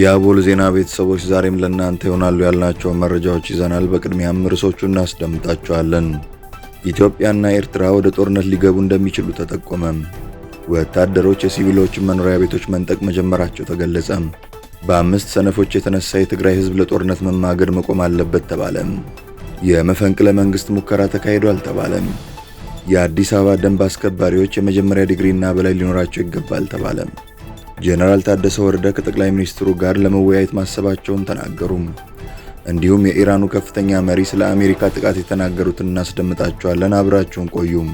የአቦል ዜና ቤተሰቦች ዛሬም ለእናንተ ይሆናሉ ያልናቸው መረጃዎች ይዘናል። በቅድሚያም ርዕሶቹ እናስደምጣቸዋለን። ኢትዮጵያና ኤርትራ ወደ ጦርነት ሊገቡ እንደሚችሉ ተጠቆመ። ወታደሮች የሲቪሎችን መኖሪያ ቤቶች መንጠቅ መጀመራቸው ተገለጸ። በአምስት ሰነፎች የተነሳ የትግራይ ሕዝብ ለጦርነት መማገድ መቆም አለበት ተባለ። የመፈንቅለ መንግሥት ሙከራ ተካሂዷል ተባለ። የአዲስ አበባ ደንብ አስከባሪዎች የመጀመሪያ ዲግሪና በላይ ሊኖራቸው ይገባል ተባለ። ጄኔራል ታደሰ ወረደ ከጠቅላይ ሚኒስትሩ ጋር ለመወያየት ማሰባቸውን ተናገሩ። እንዲሁም የኢራኑ ከፍተኛ መሪ ስለ አሜሪካ ጥቃት የተናገሩትን እናስደምጣቸዋለን። አብራችሁን ቆዩም።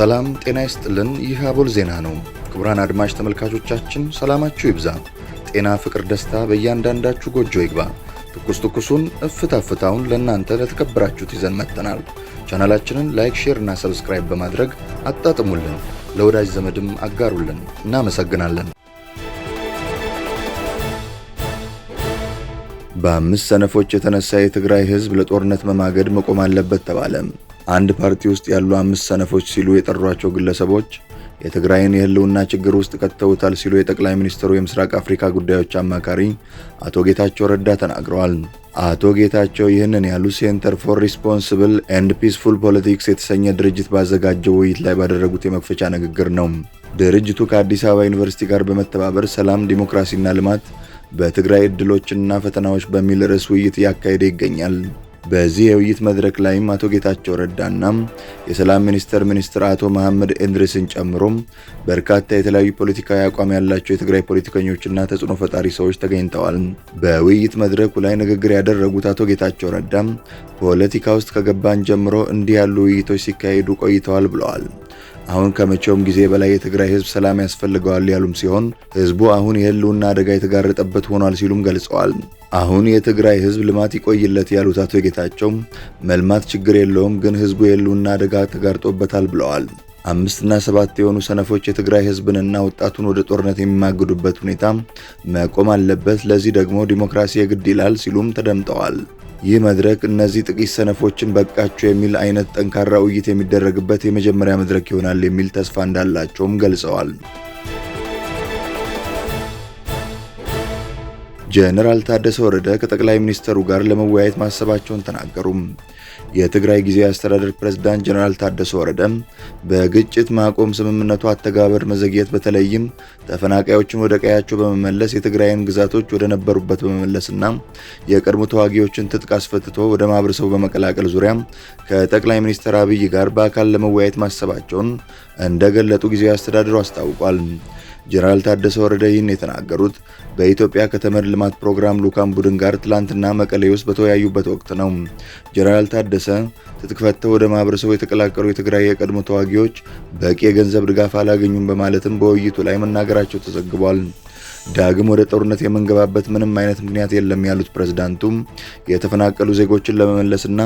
ሰላም ጤና ይስጥልን። ይህ አቦል ዜና ነው። ክቡራን አድማጭ ተመልካቾቻችን ሰላማችሁ ይብዛ፣ ጤና፣ ፍቅር፣ ደስታ በእያንዳንዳችሁ ጎጆ ይግባ። ትኩስ ትኩሱን እፍታ ፍታውን ለእናንተ ለተከበራችሁት ይዘን መጥተናል። ቻናላችንን ላይክ፣ ሼር እና ሰብስክራይብ በማድረግ አጣጥሙልን፣ ለወዳጅ ዘመድም አጋሩልን። እናመሰግናለን። በአምስት ሰነፎች የተነሳ የትግራይ ህዝብ ለጦርነት መማገድ መቆም አለበት ተባለ። አንድ ፓርቲ ውስጥ ያሉ አምስት ሰነፎች ሲሉ የጠሯቸው ግለሰቦች የትግራይን የህልውና ችግር ውስጥ ከተውታል ሲሉ የጠቅላይ ሚኒስትሩ የምስራቅ አፍሪካ ጉዳዮች አማካሪ አቶ ጌታቸው ረዳ ተናግረዋል። አቶ ጌታቸው ይህንን ያሉ ሴንተር ፎር ሪስፖንስብል ኤንድ ፒስፉል ፖለቲክስ የተሰኘ ድርጅት ባዘጋጀው ውይይት ላይ ባደረጉት የመክፈቻ ንግግር ነው። ድርጅቱ ከአዲስ አበባ ዩኒቨርሲቲ ጋር በመተባበር ሰላም፣ ዲሞክራሲና ልማት በትግራይ ዕድሎችና ፈተናዎች በሚል ርዕስ ውይይት እያካሄደ ይገኛል። በዚህ የውይይት መድረክ ላይም አቶ ጌታቸው ረዳና የሰላም ሚኒስቴር ሚኒስትር አቶ መሐመድ እንድርስን ጨምሮ በርካታ የተለያዩ ፖለቲካዊ አቋም ያላቸው የትግራይ ፖለቲከኞችና ተጽዕኖ ፈጣሪ ሰዎች ተገኝተዋል። በውይይት መድረኩ ላይ ንግግር ያደረጉት አቶ ጌታቸው ረዳ ፖለቲካ ውስጥ ከገባን ጀምሮ እንዲህ ያሉ ውይይቶች ሲካሄዱ ቆይተዋል ብለዋል። አሁን ከመቼውም ጊዜ በላይ የትግራይ ህዝብ ሰላም ያስፈልገዋል ያሉም ሲሆን ህዝቡ አሁን የህልውና አደጋ የተጋረጠበት ሆኗል ሲሉም ገልጸዋል። አሁን የትግራይ ህዝብ ልማት ይቆይለት ያሉት አቶ ጌታቸው መልማት ችግር የለውም ግን ህዝቡ የህልውና አደጋ ተጋርጦበታል ብለዋል። አምስትና ሰባት የሆኑ ሰነፎች የትግራይ ህዝብንና ወጣቱን ወደ ጦርነት የሚማግዱበት ሁኔታ መቆም አለበት፣ ለዚህ ደግሞ ዲሞክራሲ የግድ ይላል ሲሉም ተደምጠዋል። ይህ መድረክ እነዚህ ጥቂት ሰነፎችን በቃቸው የሚል አይነት ጠንካራ ውይይት የሚደረግበት የመጀመሪያ መድረክ ይሆናል የሚል ተስፋ እንዳላቸውም ገልጸዋል። ጀነራል ታደሰ ወረደ ከጠቅላይ ሚኒስትሩ ጋር ለመወያየት ማሰባቸውን ተናገሩ። የትግራይ ጊዜያዊ አስተዳደር ፕሬዝዳንት ጀነራል ታደሰ ወረደ በግጭት ማቆም ስምምነቱ አተገባበር መዘግየት፣ በተለይም ተፈናቃዮችን ወደ ቀያቸው በመመለስ የትግራይን ግዛቶች ወደ ነበሩበት በመመለስና የቀድሞ ተዋጊዎችን ትጥቅ አስፈትቶ ወደ ማህበረሰቡ በመቀላቀል ዙሪያ ከጠቅላይ ሚኒስትር አብይ ጋር በአካል ለመወያየት ማሰባቸውን እንደገለጡ ጊዜያዊ አስተዳደሩ አስታውቋል። ጄኔራል ታደሰ ወረደ ይህን የተናገሩት በኢትዮጵያ ከተመድ ልማት ፕሮግራም ልዑካን ቡድን ጋር ትላንትና መቀሌ ውስጥ በተወያዩበት ወቅት ነው። ጄኔራል ታደሰ ትጥቅ ፈተው ወደ ማህበረሰቡ የተቀላቀሉ የትግራይ የቀድሞ ተዋጊዎች በቂ የገንዘብ ድጋፍ አላገኙም በማለትም በውይይቱ ላይ መናገራቸው ተዘግቧል። ዳግም ወደ ጦርነት የምንገባበት ምንም አይነት ምክንያት የለም ያሉት ፕሬዝዳንቱም የተፈናቀሉ ዜጎችን ለመመለስና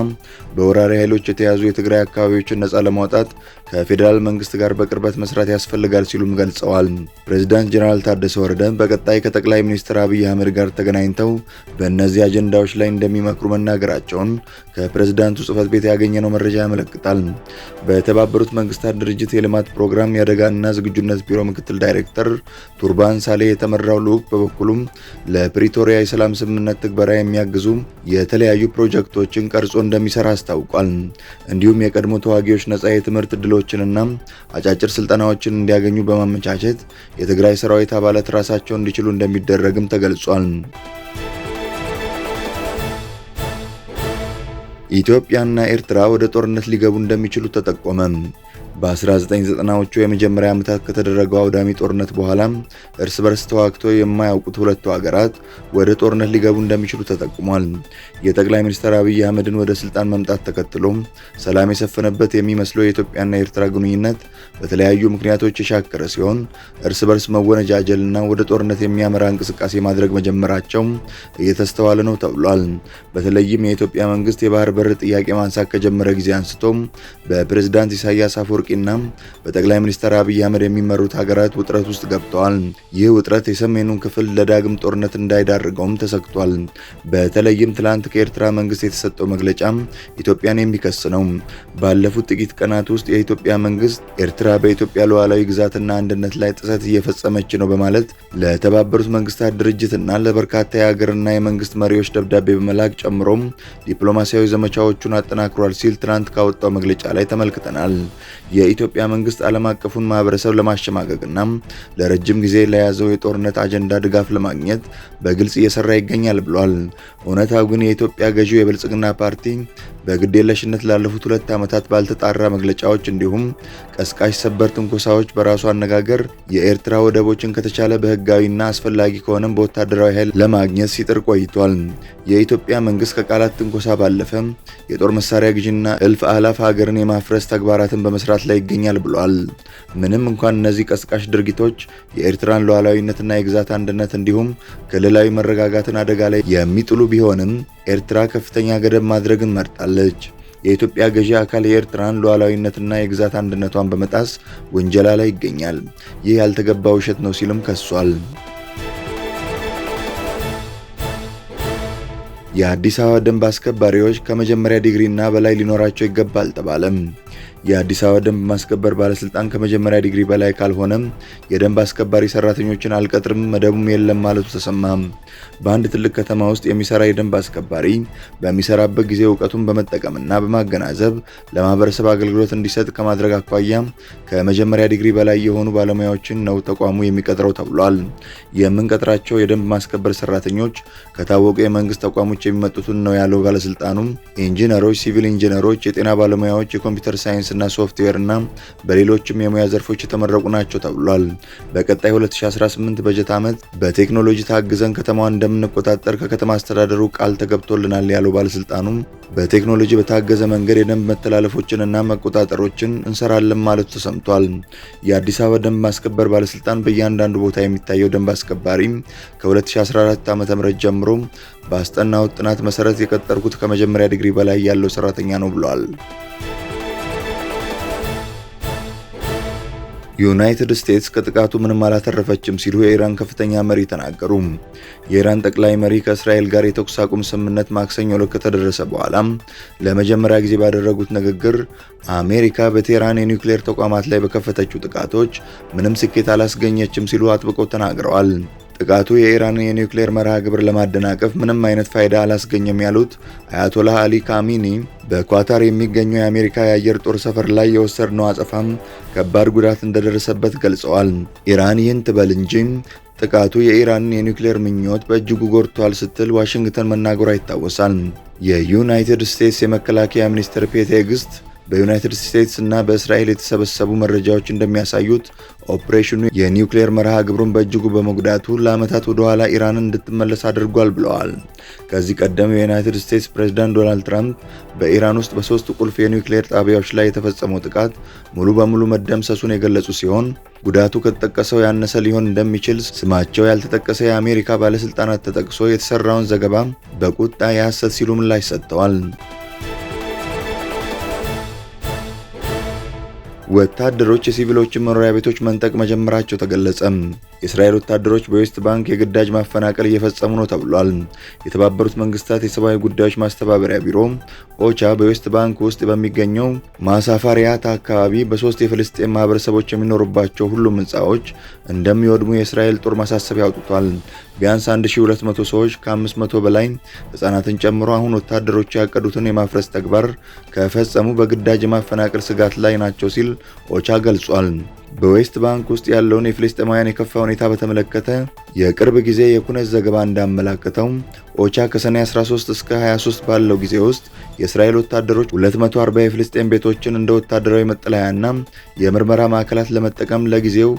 በወራሪ ኃይሎች የተያዙ የትግራይ አካባቢዎችን ነጻ ለማውጣት ከፌዴራል መንግስት ጋር በቅርበት መስራት ያስፈልጋል ሲሉም ገልጸዋል። ፕሬዝዳንት ጀነራል ታደሰ ወረደ በቀጣይ ከጠቅላይ ሚኒስትር አብይ አህመድ ጋር ተገናኝተው በእነዚህ አጀንዳዎች ላይ እንደሚመክሩ መናገራቸውን ከፕሬዝዳንቱ ጽህፈት ቤት ያገኘነው መረጃ ያመለክታል። በተባበሩት መንግስታት ድርጅት የልማት ፕሮግራም የአደጋና ዝግጁነት ቢሮ ምክትል ዳይሬክተር ቱርባን ሳሌ የተመረ የሚመራው ልዑክ በበኩሉም ለፕሪቶሪያ የሰላም ስምምነት ትግበራ የሚያግዙ የተለያዩ ፕሮጀክቶችን ቀርጾ እንደሚሰራ አስታውቋል። እንዲሁም የቀድሞ ተዋጊዎች ነጻ የትምህርት እድሎችንና አጫጭር ስልጠናዎችን እንዲያገኙ በማመቻቸት የትግራይ ሰራዊት አባላት ራሳቸውን እንዲችሉ እንደሚደረግም ተገልጿል። ኢትዮጵያና ኤርትራ ወደ ጦርነት ሊገቡ እንደሚችሉ ተጠቆመ። በ1990ዎቹ የመጀመሪያ ዓመታት ከተደረገው አውዳሚ ጦርነት በኋላም እርስ በርስ ተዋግቶ የማያውቁት ሁለቱ ሀገራት ወደ ጦርነት ሊገቡ እንደሚችሉ ተጠቁሟል። የጠቅላይ ሚኒስትር አብይ አህመድን ወደ ስልጣን መምጣት ተከትሎ ሰላም የሰፈነበት የሚመስለው የኢትዮጵያና የኤርትራ ግንኙነት በተለያዩ ምክንያቶች የሻከረ ሲሆን እርስ በርስ መወነጃጀልና ወደ ጦርነት የሚያመራ እንቅስቃሴ ማድረግ መጀመራቸው እየተስተዋለ ነው ተብሏል። በተለይም የኢትዮጵያ መንግስት የባህር በር ጥያቄ ማንሳት ከጀመረ ጊዜ አንስቶ በፕሬዝዳንት ኢሳያስ አፈወርቂ ቱርኪና በጠቅላይ ሚኒስትር አብይ አህመድ የሚመሩት ሀገራት ውጥረት ውስጥ ገብተዋል። ይህ ውጥረት የሰሜኑን ክፍል ለዳግም ጦርነት እንዳይዳርገውም ተሰግቷል። በተለይም ትላንት ከኤርትራ መንግስት የተሰጠው መግለጫ ኢትዮጵያን የሚከስ ነው። ባለፉት ጥቂት ቀናት ውስጥ የኢትዮጵያ መንግስት ኤርትራ በኢትዮጵያ ሉዓላዊ ግዛትና አንድነት ላይ ጥሰት እየፈጸመች ነው በማለት ለተባበሩት መንግስታት ድርጅትና ለበርካታ የሀገርና የመንግስት መሪዎች ደብዳቤ በመላክ ጨምሮም ዲፕሎማሲያዊ ዘመቻዎቹን አጠናክሯል ሲል ትናንት ካወጣው መግለጫ ላይ ተመልክተናል። የኢትዮጵያ መንግስት ዓለም አቀፉን ማህበረሰብ ለማሸማቀቅና ለረጅም ጊዜ ለያዘው የጦርነት አጀንዳ ድጋፍ ለማግኘት በግልጽ እየሰራ ይገኛል ብሏል። እውነታው ግን የኢትዮጵያ ገዢው የብልጽግና ፓርቲ በግዴለሽነት ላለፉት ሁለት ዓመታት ባልተጣራ መግለጫዎች እንዲሁም ቀስቃሽ ሰበር ትንኮሳዎች በራሱ አነጋገር የኤርትራ ወደቦችን ከተቻለ በህጋዊና አስፈላጊ ከሆነም በወታደራዊ ኃይል ለማግኘት ሲጥር ቆይቷል። የኢትዮጵያ መንግስት ከቃላት ትንኮሳ ባለፈ የጦር መሳሪያ ግዥና እልፍ አላፍ ሀገርን የማፍረስ ተግባራትን በመስራት ላይ ይገኛል ብሏል። ምንም እንኳን እነዚህ ቀስቃሽ ድርጊቶች የኤርትራን ሉዓላዊነትና የግዛት አንድነት እንዲሁም ክልላዊ መረጋጋትን አደጋ ላይ የሚጥሉ ቢሆንም ኤርትራ ከፍተኛ ገደብ ማድረግን መርጣል። አቅርባለች። የኢትዮጵያ ገዢ አካል የኤርትራን ሉዓላዊነትና የግዛት አንድነቷን በመጣስ ውንጀላ ላይ ይገኛል። ይህ ያልተገባ ውሸት ነው ሲልም ከሷል። የአዲስ አበባ ደንብ አስከባሪዎች ከመጀመሪያ ዲግሪና በላይ ሊኖራቸው ይገባል ተባለም። የአዲስ አበባ ደንብ ማስከበር ባለስልጣን ከመጀመሪያ ዲግሪ በላይ ካልሆነም የደንብ አስከባሪ ሰራተኞችን አልቀጥርም መደቡም የለም ማለቱ ተሰማም። በአንድ ትልቅ ከተማ ውስጥ የሚሰራ የደንብ አስከባሪ በሚሰራበት ጊዜ እውቀቱን በመጠቀምና በማገናዘብ ለማህበረሰብ አገልግሎት እንዲሰጥ ከማድረግ አኳያ ከመጀመሪያ ዲግሪ በላይ የሆኑ ባለሙያዎችን ነው ተቋሙ የሚቀጥረው ተብሏል። የምንቀጥራቸው የደንብ ማስከበር ሰራተኞች ከታወቁ የመንግስት ተቋሞች የሚመጡትን ነው ያለው ባለስልጣኑ ኢንጂነሮች፣ ሲቪል ኢንጂነሮች፣ የጤና ባለሙያዎች፣ የኮምፒውተር ሳይንስ በሳይንስና ሶፍትዌር እና በሌሎችም የሙያ ዘርፎች የተመረቁ ናቸው ተብሏል። በቀጣይ 2018 በጀት ዓመት በቴክኖሎጂ ታግዘን ከተማዋን እንደምንቆጣጠር ከከተማ አስተዳደሩ ቃል ተገብቶልናል ያለው ባለስልጣኑም በቴክኖሎጂ በታገዘ መንገድ የደንብ መተላለፎችንና መቆጣጠሮችን እንሰራለን ማለቱ ተሰምቷል። የአዲስ አበባ ደንብ ማስከበር ባለስልጣን በእያንዳንዱ ቦታ የሚታየው ደንብ አስከባሪ ከ2014 ዓ ም ጀምሮ በአስጠናው ጥናት መሰረት የቀጠርኩት ከመጀመሪያ ዲግሪ በላይ ያለው ሰራተኛ ነው ብሏል። ዩናይትድ ስቴትስ ከጥቃቱ ምንም አላተረፈችም ሲሉ የኢራን ከፍተኛ መሪ ተናገሩ። የኢራን ጠቅላይ መሪ ከእስራኤል ጋር የተኩስ አቁም ስምምነት ማክሰኞ ዕለት ከተደረሰ በኋላ ለመጀመሪያ ጊዜ ባደረጉት ንግግር አሜሪካ በቴህራን የኒውክሌር ተቋማት ላይ በከፈተችው ጥቃቶች ምንም ስኬት አላስገኘችም ሲሉ አጥብቀው ተናግረዋል። ጥቃቱ የኢራንን የኒውክሌር መርሃ ግብር ለማደናቀፍ ምንም አይነት ፋይዳ አላስገኘም ያሉት አያቶላህ አሊ ካሚኒ በኳታር የሚገኘው የአሜሪካ የአየር ጦር ሰፈር ላይ የወሰድነው አጸፋም ከባድ ጉዳት እንደደረሰበት ገልጸዋል። ኢራን ይህን ትበል እንጂ ጥቃቱ የኢራንን የኒውክሌር ምኞት በእጅጉ ጎድቷል ስትል ዋሽንግተን መናገሯ ይታወሳል። የዩናይትድ ስቴትስ የመከላከያ ሚኒስትር ፔት ሄግስት በዩናይትድ ስቴትስ እና በእስራኤል የተሰበሰቡ መረጃዎች እንደሚያሳዩት ኦፕሬሽኑ የኒውክሌር መርሃ ግብሩን በእጅጉ በመጉዳቱ ለዓመታት ወደ ኋላ ኢራንን እንድትመለስ አድርጓል ብለዋል። ከዚህ ቀደም የዩናይትድ ስቴትስ ፕሬዝዳንት ዶናልድ ትራምፕ በኢራን ውስጥ በሶስት ቁልፍ የኒውክሌር ጣቢያዎች ላይ የተፈጸመው ጥቃት ሙሉ በሙሉ መደምሰሱን የገለጹ ሲሆን ጉዳቱ ከተጠቀሰው ያነሰ ሊሆን እንደሚችል ስማቸው ያልተጠቀሰ የአሜሪካ ባለስልጣናት ተጠቅሶ የተሰራውን ዘገባ በቁጣ የሐሰት ሲሉ ምላሽ ሰጥተዋል። ወታደሮች የሲቪሎችን መኖሪያ ቤቶች መንጠቅ መጀመራቸው ተገለጸ። የእስራኤል ወታደሮች በዌስት ባንክ የግዳጅ ማፈናቀል እየፈጸሙ ነው ተብሏል። የተባበሩት መንግስታት የሰብአዊ ጉዳዮች ማስተባበሪያ ቢሮ ኦቻ በዌስት ባንክ ውስጥ በሚገኘው ማሳፋሪያት አካባቢ በሶስት የፍልስጤን ማህበረሰቦች የሚኖሩባቸው ሁሉም ህንፃዎች እንደሚወድሙ የእስራኤል ጦር ማሳሰቢያ አውጥቷል። ቢያንስ 1200 ሰዎች ከ500 በላይ ህጻናትን ጨምሮ አሁን ወታደሮች ያቀዱትን የማፍረስ ተግባር ከፈጸሙ በግዳጅ የማፈናቀል ስጋት ላይ ናቸው ሲል ኦቻ ገልጿል። በዌስት ባንክ ውስጥ ያለውን የፍልስጤማውያን የከፋ ሁኔታ በተመለከተ የቅርብ ጊዜ የኩነት ዘገባ እንዳመላከተው ኦቻ ከሰኔ 13 እስከ 23 ባለው ጊዜ ውስጥ የእስራኤል ወታደሮች 240 የፍልስጤም ቤቶችን እንደ ወታደራዊ መጠለያና የምርመራ ማዕከላት ለመጠቀም ለጊዜው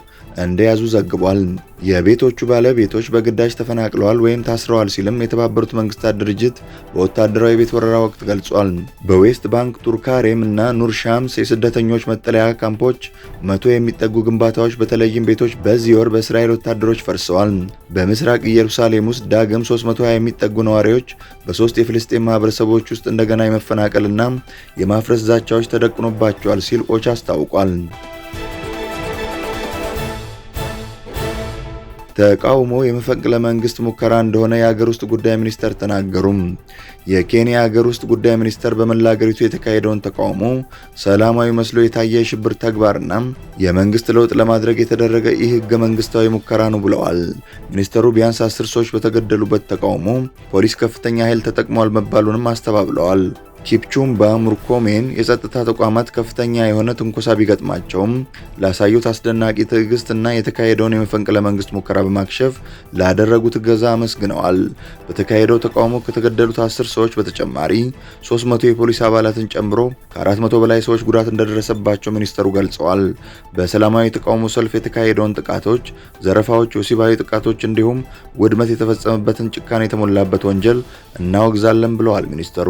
እንደያዙ ዘግቧል። የቤቶቹ ባለቤቶች በግዳጅ ተፈናቅለዋል ወይም ታስረዋል ሲልም የተባበሩት መንግስታት ድርጅት በወታደራዊ የቤት ወረራ ወቅት ገልጿል። በዌስት ባንክ ቱርካሬም እና ኑር ሻምስ የስደተኞች መጠለያ ካምፖች መቶ የሚጠጉ ግንባታዎች በተለይም ቤቶች በዚህ ወር በእስራኤል ወታደሮች ፈርሰዋል። በምስራቅ ኢየሩሳሌም ውስጥ ዳግም 320 የሚጠጉ ነዋሪዎች በሶስት የፍልስጤን ማህበረሰቦች ውስጥ እንደገና የመፈናቀልና የማፍረስ ዛቻዎች ተደቅኖባቸዋል ሲል ኦቻ አስታውቋል። ተቃውሞ የመፈንቅለ መንግስት ሙከራ እንደሆነ የሀገር ውስጥ ጉዳይ ሚኒስተር ተናገሩም። የኬንያ ሀገር ውስጥ ጉዳይ ሚኒስተር በመላ አገሪቱ የተካሄደውን ተቃውሞ ሰላማዊ መስሎ የታየ የሽብር ተግባርና የመንግስት ለውጥ ለማድረግ የተደረገ ይህ ህገ መንግስታዊ ሙከራ ነው ብለዋል። ሚኒስተሩ ቢያንስ አስር ሰዎች በተገደሉበት ተቃውሞ ፖሊስ ከፍተኛ ኃይል ተጠቅሟል መባሉንም አስተባብለዋል። ኪፕቹምባ ሙርኮሜን የጸጥታ ተቋማት ከፍተኛ የሆነ ትንኮሳ ቢገጥማቸውም ላሳዩት አስደናቂ ትዕግስት እና የተካሄደውን የመፈንቅለ መንግስት ሙከራ በማክሸፍ ላደረጉት እገዛ አመስግነዋል። በተካሄደው ተቃውሞ ከተገደሉት አስር ሰዎች በተጨማሪ 300 የፖሊስ አባላትን ጨምሮ ከ400 በላይ ሰዎች ጉዳት እንደደረሰባቸው ሚኒስተሩ ገልጸዋል። በሰላማዊ ተቃውሞ ሰልፍ የተካሄደውን ጥቃቶች፣ ዘረፋዎች፣ ወሲባዊ ጥቃቶች እንዲሁም ውድመት የተፈጸመበትን ጭካኔ የተሞላበት ወንጀል እናወግዛለን ብለዋል ሚኒስተሩ።